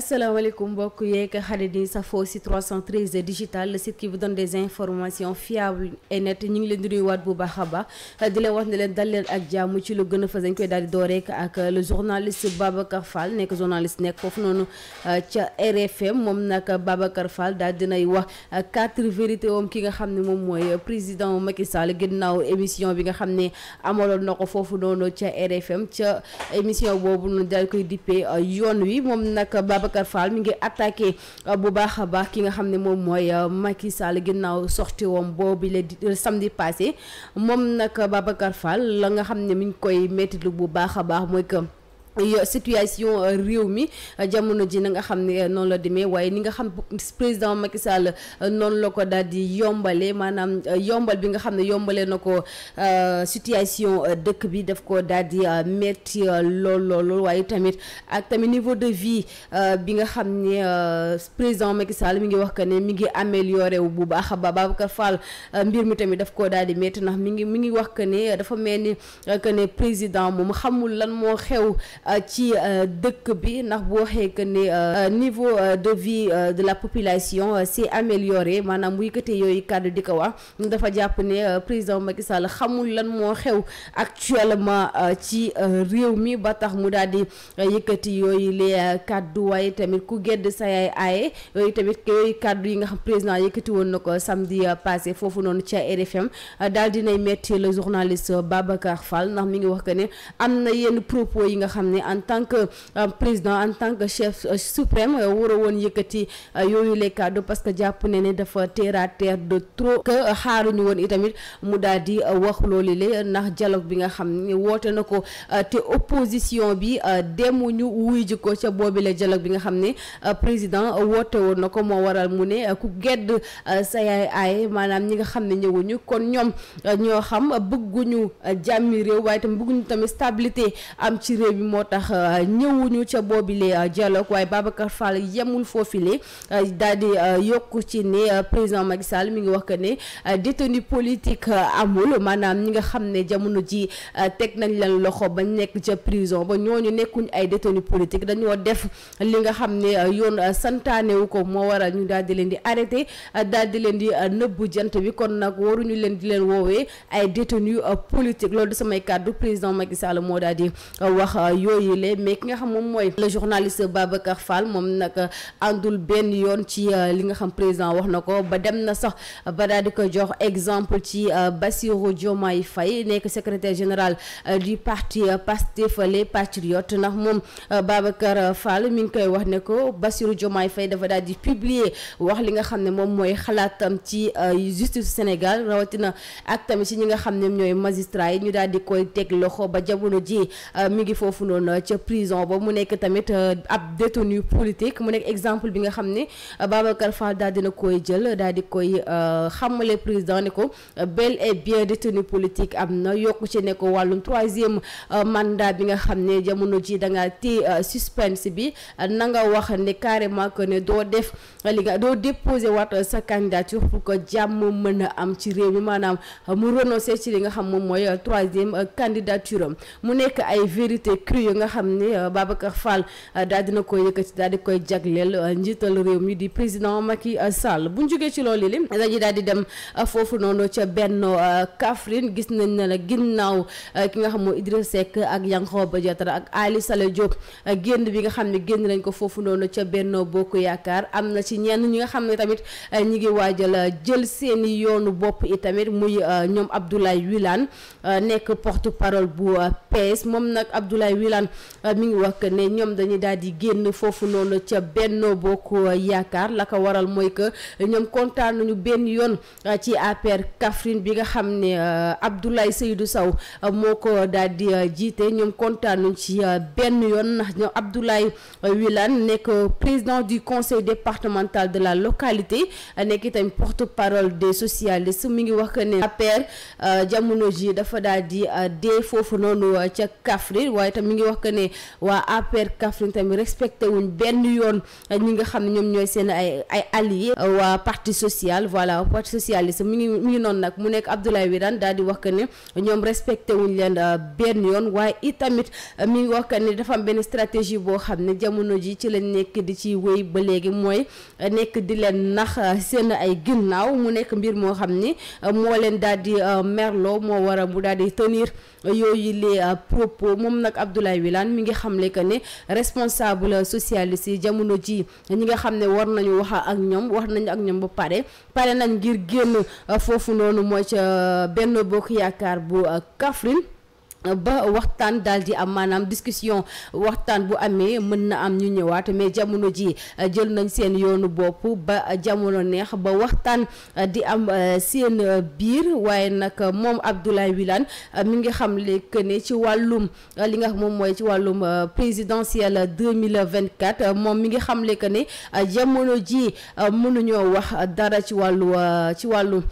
asalaamaaleykum mbokk yeeg xarit yi safoo si 313 digital le site qui vous donne des informations fiables et net ñu ngi leen di waat bu baax a baax di leen wax ne leen dal leen ak jàmm ci lu gën a fas dañ koy daal di doo rek ak le journaliste Babacar Fall nekk journaliste nekk foofu noonu euh, ca RFM moom nag Babacar Fall daal dinay wax quatre vérités om ki nga xam ne moom mooy président Macky Sall ginnaaw émission bi nga xam ne amaloon na ko foofu noonu ca RFM ca émission boobu noonu daal koy dippee euh, yoon wi moom nag Babacar Ababacar Fall mi ngi attaqué euh, bu baax a baax ki nga xam ne moom mooy euh, Macky Sall ginnaaw sorti woom boobu le euh, samedi passé moom nag Babacar la nga xam ne mi ngi koy métti bu baax a baax mooy que. situation euh, réew mi euh, jamono ji na nga xam ne euh, noonu la demee waaye ni nga xam président Macky Sall noonu la ko daal di yombale maanaam yombal bi nga xam ne yombale na ko situation dëkk bi daf ko daal di metti lool lool waaye tamit ak tamit niveau de vie bi nga xam ne président Macky Sall mi ngi wax que ne mi ngi amélioré wu bu baax a baax Babacar mbir mi tamit daf koo daal di metti ndax mi ngi mi ngi wax que ne dafa mel ni que ne président moom xamul lan moo xew. Euh, ci euh, dëkk bi ndax bu waxee que ne euh, niveau de vie de la population s'est amélioré maanaam bu yëkkatee yooyu kàddu di ko wax dafa jàpp ne président Macky Sall xamul lan moo xew actuellement ci réew mi ba tax mu daal di yëkkati yooyu les kàddu waaye tamit ku gedd sa yaay aaye yooyu tamit yooyu kàddu yi nga xam président yëkkati woon na ko samedi passé foofu noonu ca RFM daal dinay metti le journaliste Babacar Fall ndax mi ngi wax que ne am na yenn propos yi nga xam xam ne en tant que euh, président en tant que chef euh, suprême euh, war a woon yëkkati yooyu les kàddu parce que jàpp ne ne dafa terre à de trop que xaaruñu woon itamit mu daal di wax loolu le ndax jaloog bi nga xam ne woote na ko te opposition bi demuñu wuy ji ko ca boobi la dialogue bi nga xam ne président woote woon na ko moo waral mu ne ku gedd sa yaay ay maanaam ñi nga xam ne ñëwuñu kon ñoom ñoo xam bëgguñu jàmmi réew waaye tam bëgguñu tamit stabilité am ci réew bi moo tax euh, ñëwuñu ca boobile euh, dialogue waaye Babacar Fall yemul foofile euh, daal di yokku ci ne président Macky Sall mi ngi wax que ne détenu politique amul maanaam ñi nga xam ne jamono ji teg nañ leen loxo ba nekk ca prison ba ñooñu nekkuñ ay détenu politique dañoo def li nga xam ne yoon santaane wu ko moo waral ñu daal di leen di arrêté daal di leen di nëbbu jant bi kon nag waruñu leen di leen woowee ay détenu politique loolu di samay kàddu président Macky Sall moo da yooyu le mais ki nga xam moom mooy le journaliste Babacar faal moom nag àndul benn yoon ci euh, li nga xam président wax na ko ba dem na sax ba daal di ko jox exemple ci euh, Bassirou yi fay nekk secretaire général euh, du parti Pastef les Patriotes ndax moom Babacar Fall mu ngi koy wax ne ko Bassirou Diomaye fay dafa daal di publier wax li nga xam ne moom mooy xalaatam ci justice Sénégal rawatina ak tamit ci ñi nga xam ne ñooy magistrat yi ñu daal di koy teg loxo ba jamono ji nekkoon euh, ca prison ba mu nekk tamit euh, ab détenu politique mu nekk exemple bi nga xam ne euh, Babacar Fall daal dina koy jël daal di koy xamale président ne ko bel et bien détenu politique am na yokku ci ne ko wàllum troisième mandat bi nga xam ne jamono ji danga nga téye suspense bi na nga wax ne carrément que ne doo def li nga doo déposé waat sa candidature pour que jàmm mën a am ci réew mi maanaam mu renoncé ci li nga xam moom mooy troisième candidature am mu nekk ay vérité yooyu nga xam ne euh, Babacar Fall euh, daal dina koy yëkkati daal di koy jagleel euh, njiital réew mi di président Macky Sall bu ñu jógee ci loolu li dañuy daal di dem foofu noonu ca Benno Kaffrine gis nañ ne la ginnaaw ki nga xam moo Idrissa Seck ak ba Diattara ak Ali Saleh Diop génn bi nga xam ne génn nañ ko foofu noonu ca Benno Bokk Yaakaar am na ci ñenn ñi nga xam ne tamit ñi ngi waajal jël seeni yoonu bopp i tamit muy ñoom Abdoulaye wilaan nekk porte parole bu Bougane euh, mi ngi wax ne ñoom dañuy daal di génn foofu noonu ca benn Bokk Yaakaar la waral mooy que ñoom kontaan nañu benn yoon euh, ci APR Kaffrine bi nga xam ne euh, Abdoulaye Seydou saw moo ko daal di jiite ñoom kontaan nañu ci benn yoon nax ñoom Abdoulaye Wilane nekk président du conseil départemental de la localité nekk itam porte-parole des socialistes mi ngi wax que ne APR jamono ji dafa daal di dee foofu noonu ca Kaffrine waaye itam mi ngi wax que ne waa APR Kaffrine tamit respecté benn yoon ñi nga xam ne ñoom ñooy seen ay ay alliés waa parti social voilà parti socialiste mi ngi mi ngi noonu nag mu nekk Abdoulaye Wilane daal di wax que ne ñoom respecté wuñ leen euh, benn yoon waaye it tamit euh, mi ngi wax que ne dafa am benn stratégie boo xam ne jamono ji ci leen nekk di ci wéy ba léegi mooy euh, nekk di leen nax seen ay ginnaaw mu nekk mbir moo xam ni moo leen daal di merloo moo war a mu daal di tenir yooyu les propos moom nag Wilane mi ngi xamle que ne responsable socialiste si jamono ji ñi nga xam ne war nañu wax ak ñoom wax nañu ak ñoom ba pare pare nañ ngir génn foofu noonu mooy ca benn bokk yaakaar bu Kaffrine ba waxtaan daal di am maanaam discussion waxtaan bu amee mën na am ñu ñëwaat mais jamono ji euh, jël nañ seen yoonu bopp ba jamono neex ba waxtaan euh, di am euh, seen biir waaye nag moom Abdoulaye Wilane mi ngi xam le que ne ci wàllum li nga moom mooy ci wàllum présidentielle 2024 moom mi ngi xam le que ne jamono ji mënuñoo wax dara ci wàllu ci wàllu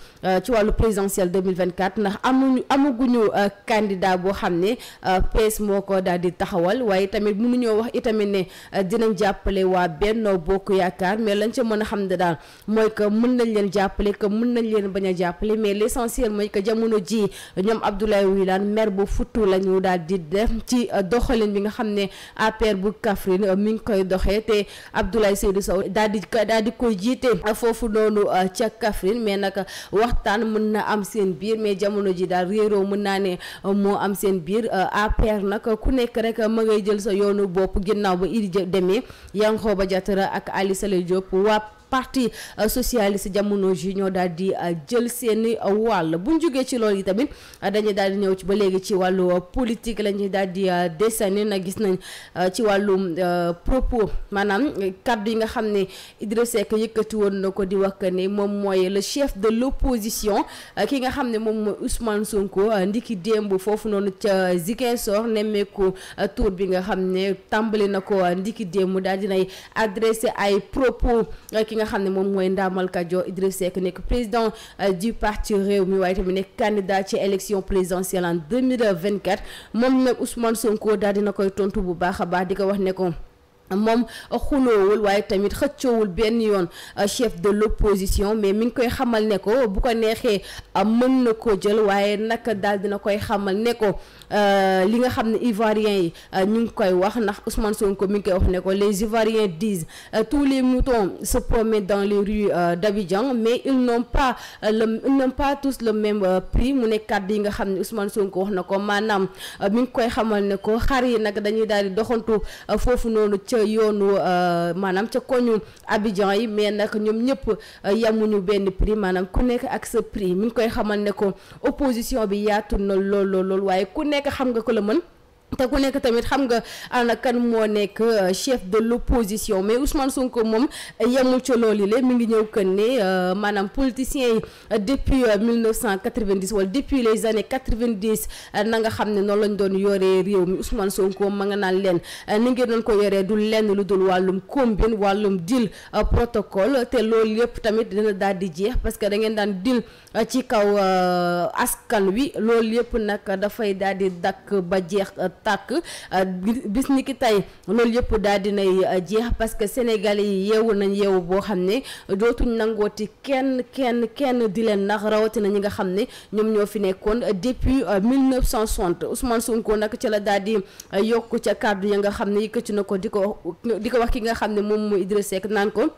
ci wàllu présidentielle 2024 ndax amuñu amaguñu candidat boo xam ne euh, PS moo ko daal di taxawal waaye tamit mënuñoo wax itamit ne euh, dinañ jàppale waa Benno Bokk Yaakaar mais lañ ca mën a xam ne daal mooy que mën nañ leen jàppale que mën nañ leen bañ a jàppale mais l' essentiel mooy ko jamono ji ñoom Abdoulaye Wilane maire bu futtu la ñu daal di def ci euh, doxalin bi nga xam ne APR bu Kaffrine mi ngi koy doxe te Abdoulaye Seydou Sow daal di daal di koy jiite foofu noonu ca Kaffrine mais nag waxtaan mën na am seen biir mais ji am seen seen biir euh, APR nag ku nekk rek ma ngay jël sa yoonu bopp ginnaaw ba Idy demee ba Diattara ak Aly Saleh Diop wàpp parti euh, socialiste jamono ji ñoo daal di euh, jël seeni euh, wàll bu ñu jógee ci loolu yi tamit dañuy daal di ñëw ci ba léegi ci wàllu politique la ñuy daal di dessiner nag gis nañ ci wàllu propos maanaam kaddu yi nga xam ne Idrissa Seck yëkkati woon na ko di wax ne moom mooy le chef de l'opposition ki nga xam ne moom mooy Ousmane Sonko ndiki démb foofu noonu ca Ziguinchor nemmeeku tour bi nga xam ne tàmbali na ko ndiki démb daal dinay adressé ay propos nga xam ne moom mooy Ndamal Kajoor Idriss Seck nekk président euh, du ci réew mi waaye tamit nekk candidat ci élection présidentielle en 2024 moom nag Ousmane Sonko daal dina koy tontu bu baax a baax di ko wax ne moom xuloowul waaye tamit xëccoowul benn yoon euh, chef de l'opposition mais mi ngi koy xamal ne ko bu ko neexee euh, mën na ko jël waaye nag daal dina koy xamal ne ko euh, li nga xam ne ivoiriens yi ñu ngi koy wax ndax Ousmane Sonko mi ngi koy wax ne ko les ivoiriens disent tous les moutons se promènent dans les rues d'Abidjan mais ils n'ont pas le ils n'ont le même prix mu nekk kàddu yi nga xam ne Ousmane Sonko wax na ko maanaam mi ngi koy xamal ne ko xar yi nag dañuy daal di doxantu foofu noonu. ca yoonu euh, maanaam ca koñu Abidjan yi mais nag ñoom ñëpp euh, yamuñu benn prix maanaam ku nekk ak sa prix mi ngi koy xamal ne ko opposition bi yaatu na lool lool lool waaye ku nekk xam nga ko la mën. te ku nekk tamit xam nga ana kan moo nekk euh, chef de l'opposition mais Ousmane Sonko moom yemul ca loolu le mi ngi ñëw kën ne euh, maanaam politiciens yi euh, depuis 1990 wala depuis les années 90 na nga xam ne noonu lañ doon yoree réew mi Ousmane Sonko ma nga naan leen ni ngeen doon ko yoree du lenn lu dul wàllum combine wàllum deal protocole te loolu yëpp tamit dina daal di jeex parce que da ngeen daan deal ci kaw askan wi loolu yëpp nag dafay daal di dakk ba jeex. tàkk euh, bis ni ki tey loolu yëpp daal dinay euh, jeex parce que sénégalais yi yeewu nañ yeewu boo xam ne dootuñ nangooti kenn kenn kenn di leen nax rawatina ñi nga xam ne ñoom ñoo fi nekkoon depuis 1960 euh, Ousmane Sonko nag ci la daal di yokk ca kàddu ya nga xam ne yëkkati na ko di ko di ko wax ki nga xam ne moom mooy Idrissa Seck naan ko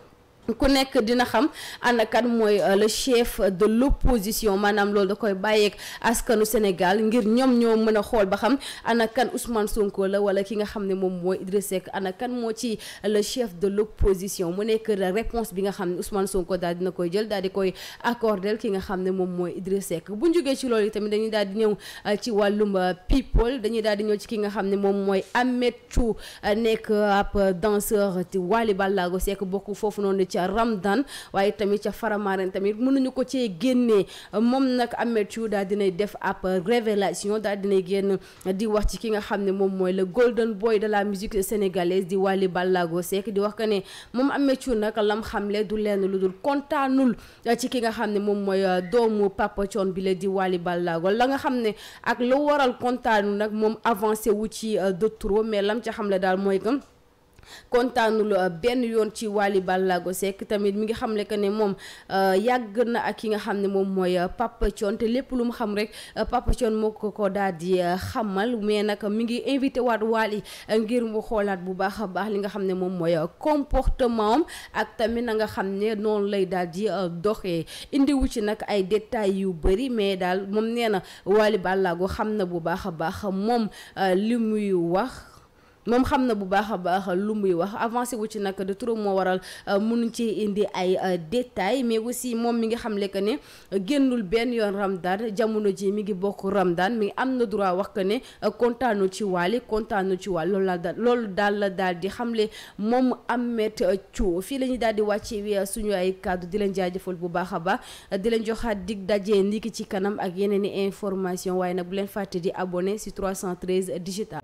ku nekk dina xam ana kan mooy euh, le chef de l'opposition maanaam loolu da koy bàyyeeg askanu Sénégal ngir ñoom ñoo mën a xool ba xam ana kan Ousmane Sonko la wala ki nga xam ne moom mooy Idriss Seck kan moo ci euh, le chef de l'opposition mu nekk réponse bi nga xam ne Ousmane Sonko daal dina koy jël daal di koy accordel ki nga xam ne moom mooy Idriss Seck bu ñu jógee ci loolu tamit dañuy daal di ñëw euh, ci wàllum people dañuy daal di ñëw ci ki nga xam ne moom mooy Ameth Thiou nekk ab danseur ci Wally Ballago Seck bokk foofu noonu ca Ramdan waaye tamit ca Faramaren tamit mënuñu ko cee génnee moom nag Ahmed Thiou daal dinay def ab révélation daal dinay génn di wax ci ki nga xam ne moom mooy la golden boy de la musique sénégalaise di Wally Ballago Seck di wax que ne moom Ahmed Thiou nag lam xamle du lenn lu dul kontaanul ci ki nga xam ne moom mooy euh, doomu Papa bi la di Wally Ballago la nga xam ne ak lu waral kontaanul nag moom avancé wu ci euh, de trop mais lam ca xam le daal mooy que kontaanul euh, benn yoon ci Wally Ballago Seck tamit mi ngi xam ne que ne moom euh, yàgg na ak ki nga xam ne moom mooy euh, Papa te lépp lu mu xam rek Papa mook ko ko daal di xamal mais nag mi ngi invité waat Wally ngir mu xoolaat bu baax a baax li nga xam ne moom mooy comportement am ak tamit na nga xam ne noonu lay daal di doxee indiwu ci nag ay détails yu bëri mais daal moom nee na Wally Ballago xam na bu baax a baax a moom li muy wax moom xam na bu baax a baax lu muy wax avancé wu ci nag de trop moo waral euh, mënuñ ci indi ay euh, détails mais aussi moom mi nga xamle que ne euh, génnul benn yoon Ramadane jamono ji mi ngi bokk Ramadane mi am na droit wax que ne kontaanu ci Wally kontaanu ci wàll loolu daal loolu daal la daal di xamle moom Ameth Thiou fii la ñuy daal di wàccee suñu ay kàddu di leen jaajëfal bu baax a baax di leen joxaat dig dajee ndiki ci kanam ak yeneen i information waaye nag bu leen fàtte di abonné si 313 digital